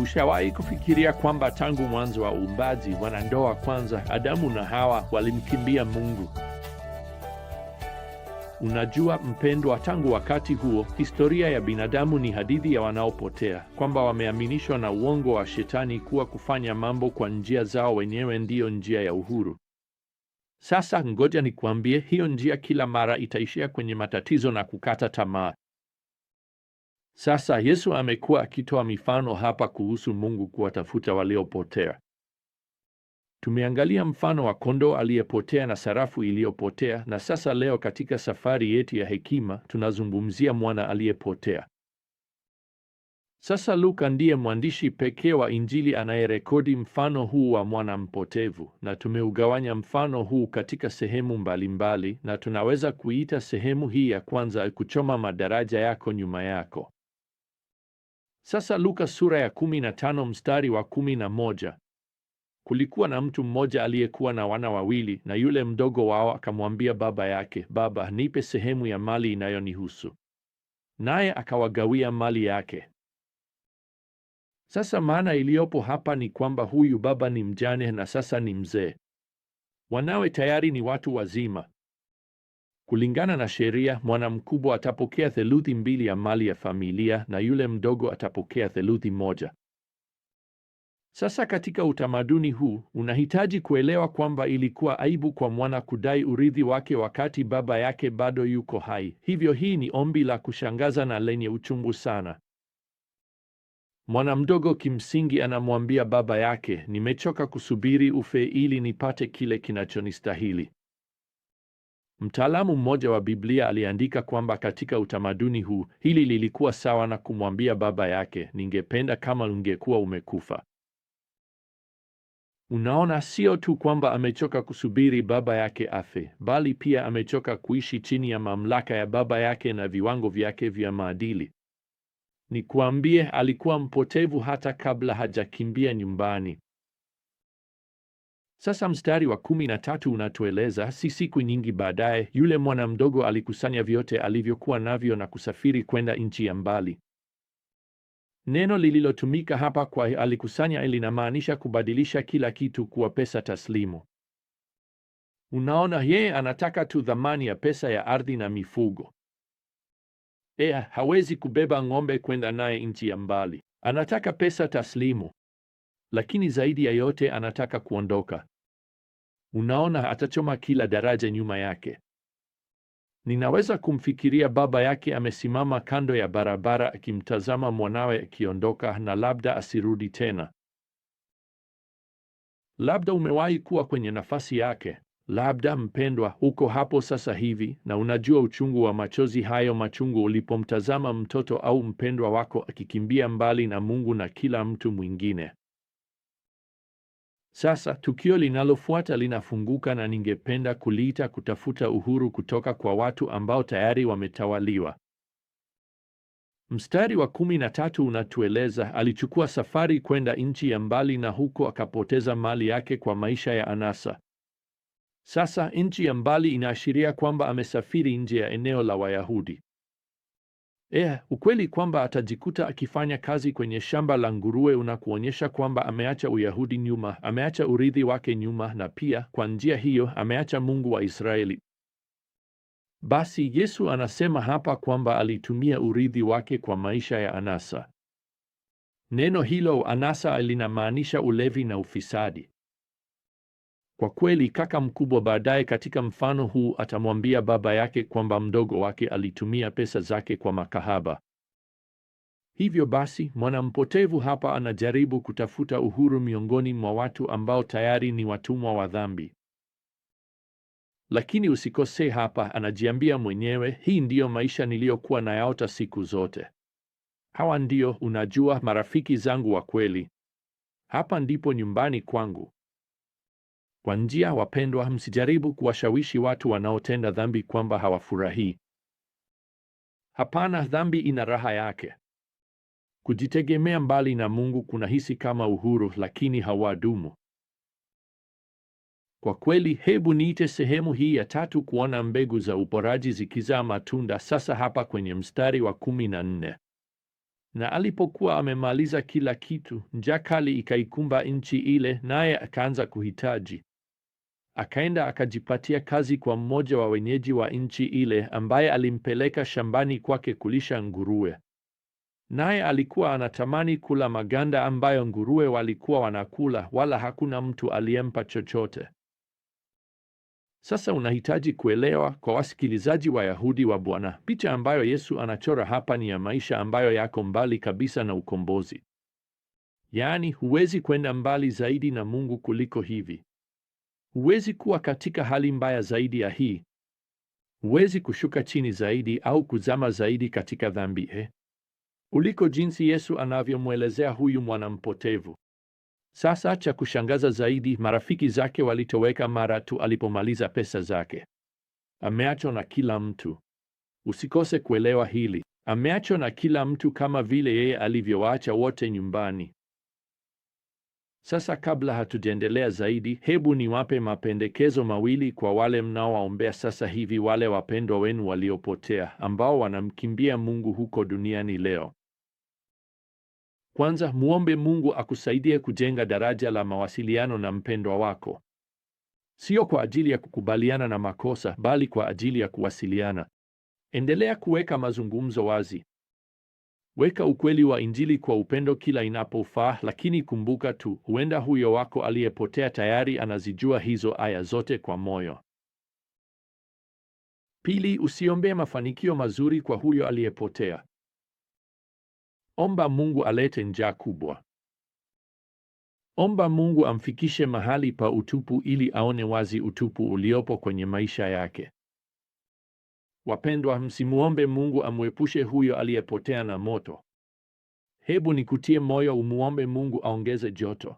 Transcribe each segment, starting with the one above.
Ushawahi kufikiria kwamba tangu mwanzo wa uumbaji, wanandoa kwanza, Adamu na Hawa, walimkimbia Mungu? Unajua mpendwa, tangu wakati huo historia ya binadamu ni hadithi ya wanaopotea, kwamba wameaminishwa na uongo wa shetani kuwa kufanya mambo kwa njia zao wenyewe ndiyo njia ya uhuru. Sasa ngoja nikuambie, hiyo njia kila mara itaishia kwenye matatizo na kukata tamaa. Sasa Yesu amekuwa akitoa mifano hapa kuhusu Mungu kuwatafuta waliopotea. Tumeangalia mfano wa kondoo aliyepotea na sarafu iliyopotea, na sasa leo katika safari yetu ya hekima tunazungumzia mwana aliyepotea. Sasa Luka ndiye mwandishi pekee wa Injili anayerekodi mfano huu wa mwana mpotevu, na tumeugawanya mfano huu katika sehemu mbalimbali, na tunaweza kuita sehemu hii ya kwanza kuchoma madaraja yako nyuma yako. Sasa Luka sura ya kumi na tano mstari wa kumi na moja kulikuwa na mtu mmoja aliyekuwa na wana wawili, na yule mdogo wao akamwambia baba yake, Baba, nipe sehemu ya mali inayonihusu. Naye akawagawia mali yake. Sasa maana iliyopo hapa ni kwamba huyu baba ni mjane na sasa ni mzee, wanawe tayari ni watu wazima. Kulingana na sheria, mwana mkubwa atapokea theluthi mbili ya mali ya familia na yule mdogo atapokea theluthi moja. Sasa katika utamaduni huu unahitaji kuelewa kwamba ilikuwa aibu kwa mwana kudai urithi wake wakati baba yake bado yuko hai. Hivyo hii ni ombi la kushangaza na lenye uchungu sana. Mwana mdogo kimsingi anamwambia baba yake, nimechoka kusubiri ufe ili nipate kile kinachonistahili. Mtaalamu mmoja wa Biblia aliandika kwamba katika utamaduni huu hili lilikuwa sawa na kumwambia baba yake, ningependa kama ungekuwa umekufa. Unaona, sio tu kwamba amechoka kusubiri baba yake afe, bali pia amechoka kuishi chini ya mamlaka ya baba yake na viwango vyake vya maadili. nikuambie alikuwa mpotevu hata kabla hajakimbia nyumbani. Sasa mstari wa kumi na tatu unatueleza, si siku nyingi baadaye, yule mwana mdogo alikusanya vyote alivyokuwa navyo na kusafiri kwenda nchi ya mbali. Neno lililotumika hapa kwa alikusanya linamaanisha kubadilisha kila kitu kuwa pesa taslimu. Unaona, yeye anataka tu thamani ya pesa ya ardhi na mifugo. E, hawezi kubeba ng'ombe kwenda naye nchi ya mbali. Anataka pesa taslimu, lakini zaidi ya yote anataka kuondoka. Unaona, atachoma kila daraja nyuma yake. Ninaweza kumfikiria baba yake amesimama kando ya barabara akimtazama mwanawe akiondoka, na labda asirudi tena. Labda umewahi kuwa kwenye nafasi yake. Labda mpendwa, uko hapo sasa hivi na unajua uchungu wa machozi hayo machungu ulipomtazama mtoto au mpendwa wako akikimbia mbali na Mungu na kila mtu mwingine. Sasa tukio linalofuata linafunguka na ningependa kuliita kutafuta uhuru kutoka kwa watu ambao tayari wametawaliwa. Mstari wa kumi na tatu unatueleza alichukua safari kwenda nchi ya mbali, na huko akapoteza mali yake kwa maisha ya anasa. Sasa nchi ya mbali inaashiria kwamba amesafiri nje ya eneo la Wayahudi. Eh, ukweli kwamba atajikuta akifanya kazi kwenye shamba la nguruwe unakuonyesha kwamba ameacha Uyahudi nyuma, ameacha urithi wake nyuma, na pia kwa njia hiyo ameacha Mungu wa Israeli. Basi Yesu anasema hapa kwamba alitumia urithi wake kwa maisha ya anasa. Neno hilo anasa linamaanisha ulevi na ufisadi. Kwa kweli, kaka mkubwa baadaye katika mfano huu atamwambia baba yake kwamba mdogo wake alitumia pesa zake kwa makahaba. Hivyo basi, mwanampotevu hapa anajaribu kutafuta uhuru miongoni mwa watu ambao tayari ni watumwa wa dhambi. Lakini usikose hapa, anajiambia mwenyewe, hii ndiyo maisha niliyokuwa nayaota siku zote. Hawa ndio, unajua, marafiki zangu wa kweli. Hapa ndipo nyumbani kwangu. Kwa njia, wapendwa, msijaribu kuwashawishi watu wanaotenda dhambi kwamba hawafurahii. Hapana, dhambi ina raha yake. Kujitegemea mbali na Mungu kunahisi kama uhuru, lakini hawadumu. Kwa kweli, hebu niite sehemu hii ya tatu kuona mbegu za uporaji zikizaa matunda. Sasa hapa kwenye mstari wa kumi na nne na alipokuwa amemaliza kila kitu, njaa kali ikaikumba nchi ile, naye akaanza kuhitaji. Akaenda akajipatia kazi kwa mmoja wa wenyeji wa nchi ile ambaye alimpeleka shambani kwake kulisha nguruwe. Naye alikuwa anatamani kula maganda ambayo nguruwe walikuwa wanakula, wala hakuna mtu aliyempa chochote. Sasa unahitaji kuelewa kwa wasikilizaji Wayahudi wa Bwana, picha ambayo Yesu anachora hapa ni ya maisha ambayo yako mbali kabisa na ukombozi. Yaani, huwezi kwenda mbali zaidi na Mungu kuliko hivi. Huwezi kuwa katika hali mbaya zaidi ya hii. Huwezi kushuka chini zaidi au kuzama zaidi katika dhambi eh, uliko jinsi Yesu anavyomwelezea huyu mwanampotevu. Sasa cha kushangaza zaidi, marafiki zake walitoweka mara tu alipomaliza pesa zake. Ameachwa na kila mtu. Usikose kuelewa hili. Ameachwa na kila mtu kama vile yeye alivyowaacha wote nyumbani. Sasa kabla hatujaendelea zaidi, hebu niwape mapendekezo mawili kwa wale mnaowaombea sasa hivi, wale wapendwa wenu waliopotea ambao wanamkimbia Mungu huko duniani leo. Kwanza, muombe Mungu akusaidie kujenga daraja la mawasiliano na mpendwa wako, sio kwa ajili ya kukubaliana na makosa, bali kwa ajili ya kuwasiliana. Endelea kuweka mazungumzo wazi. Weka ukweli wa Injili kwa upendo kila inapofaa, lakini kumbuka tu, huenda huyo wako aliyepotea tayari anazijua hizo aya zote kwa moyo. Pili, usiombee mafanikio mazuri kwa huyo aliyepotea. Omba Mungu alete njaa kubwa. Omba Mungu amfikishe mahali pa utupu ili aone wazi utupu uliopo kwenye maisha yake. Wapendwa, msimuombe Mungu amwepushe huyo aliyepotea na moto. Hebu nikutie moyo, umwombe Mungu aongeze joto.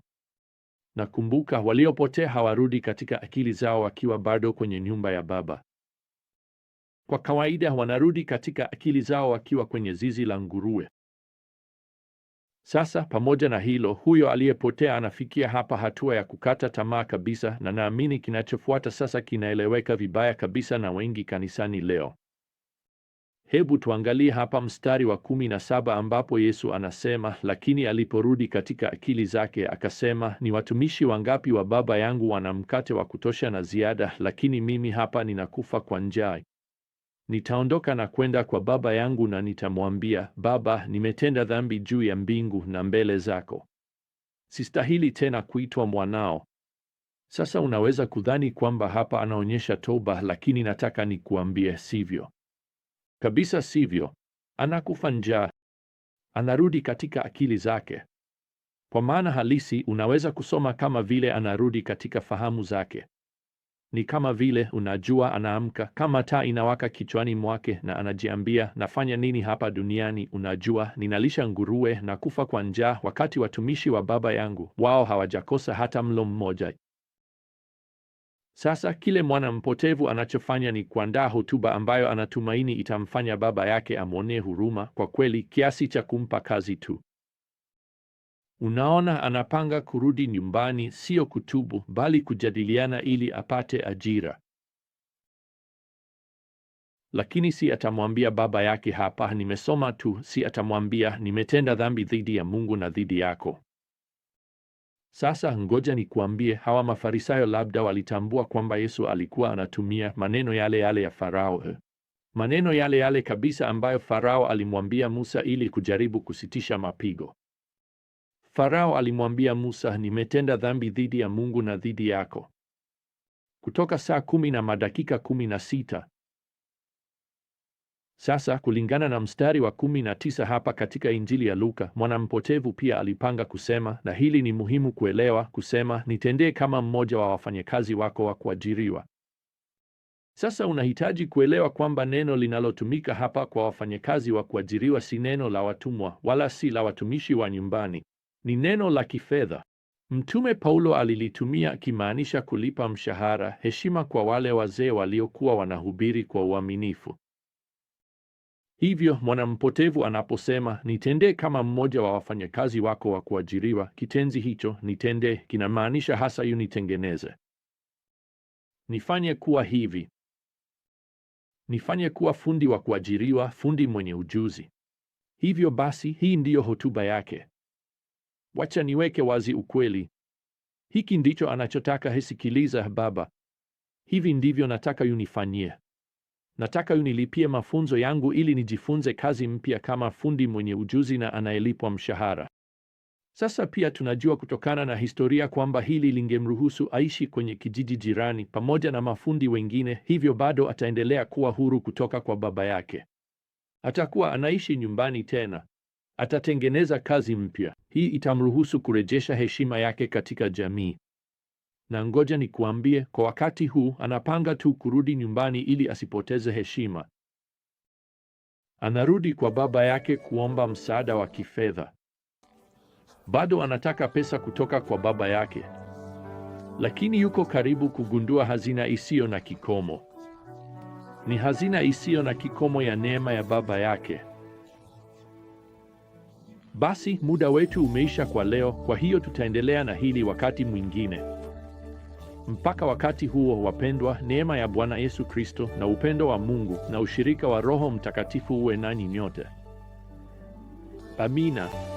nakumbuka waliopotea hawarudi katika akili zao wakiwa bado kwenye nyumba ya baba. Kwa kawaida wanarudi katika akili zao wakiwa kwenye zizi la nguruwe. Sasa pamoja na hilo, huyo aliyepotea anafikia hapa hatua ya kukata tamaa kabisa, na naamini kinachofuata sasa kinaeleweka vibaya kabisa na wengi kanisani leo. Hebu tuangalie hapa mstari wa kumi na saba ambapo Yesu anasema, lakini aliporudi katika akili zake akasema, ni watumishi wangapi wa Baba yangu wana mkate wa kutosha na ziada, lakini mimi hapa ninakufa kwa njaa. Nitaondoka na kwenda kwa baba yangu na nitamwambia, Baba, nimetenda dhambi juu ya mbingu na mbele zako, sistahili tena kuitwa mwanao. Sasa unaweza kudhani kwamba hapa anaonyesha toba, lakini nataka nikuambie, sivyo kabisa, sivyo. Anakufa njaa, anarudi katika akili zake. Kwa maana halisi, unaweza kusoma kama vile anarudi katika fahamu zake. Ni kama vile unajua, anaamka kama taa inawaka kichwani mwake, na anajiambia nafanya nini hapa duniani? Unajua, ninalisha nguruwe na kufa kwa njaa, wakati watumishi wa baba yangu wao hawajakosa hata mlo mmoja. Sasa kile mwana mpotevu anachofanya ni kuandaa hotuba ambayo anatumaini itamfanya baba yake amwonee huruma, kwa kweli kiasi cha kumpa kazi tu. Unaona, anapanga kurudi nyumbani, sio kutubu, bali kujadiliana ili apate ajira. Lakini si atamwambia baba yake, hapa nimesoma tu. Si atamwambia nimetenda dhambi dhidi ya Mungu na dhidi yako. Sasa ngoja nikuambie, hawa Mafarisayo labda walitambua kwamba Yesu alikuwa anatumia maneno yale yale ya Farao, eh. maneno yale yale kabisa ambayo Farao alimwambia Musa ili kujaribu kusitisha mapigo. Farao alimwambia Musa, nimetenda dhambi dhidi ya Mungu na dhidi yako. Kutoka saa kumi na madakika kumi na sita. Sasa kulingana na mstari wa kumi na tisa hapa katika Injili ya Luka, mwanampotevu pia alipanga kusema, na hili ni muhimu kuelewa, kusema nitendee kama mmoja wa wafanyakazi wako wa kuajiriwa. Sasa unahitaji kuelewa kwamba neno linalotumika hapa kwa wafanyakazi wa kuajiriwa si neno la watumwa wala si la watumishi wa nyumbani ni neno la kifedha. Mtume Paulo alilitumia akimaanisha kulipa mshahara, heshima kwa wale wazee waliokuwa wanahubiri kwa uaminifu. Hivyo mwanampotevu anaposema nitendee kama mmoja wa wafanyakazi wako wa kuajiriwa, kitenzi hicho nitendee kinamaanisha hasa yunitengeneze, nifanye kuwa hivi, nifanye kuwa fundi wa kuajiriwa, fundi mwenye ujuzi. Hivyo basi, hii ndiyo hotuba yake. Wacha niweke wazi ukweli. Hiki ndicho anachotaka hesikiliza Baba, hivi ndivyo nataka unifanyie. Nataka unilipie mafunzo yangu ili nijifunze kazi mpya kama fundi mwenye ujuzi na anayelipwa mshahara. Sasa pia tunajua kutokana na historia kwamba hili lingemruhusu aishi kwenye kijiji jirani pamoja na mafundi wengine, hivyo bado ataendelea kuwa huru kutoka kwa baba yake. Atakuwa anaishi nyumbani tena, atatengeneza kazi mpya. Hii itamruhusu kurejesha heshima yake katika jamii. Na ngoja nikuambie, kwa wakati huu anapanga tu kurudi nyumbani ili asipoteze heshima. Anarudi kwa baba yake kuomba msaada wa kifedha. Bado anataka pesa kutoka kwa baba yake, lakini yuko karibu kugundua hazina isiyo na kikomo. Ni hazina isiyo na kikomo ya neema ya baba yake. Basi muda wetu umeisha kwa leo, kwa hiyo tutaendelea na hili wakati mwingine. Mpaka wakati huo, wapendwa, neema ya Bwana Yesu Kristo na upendo wa Mungu na ushirika wa Roho Mtakatifu uwe nanyi nyote. Amina.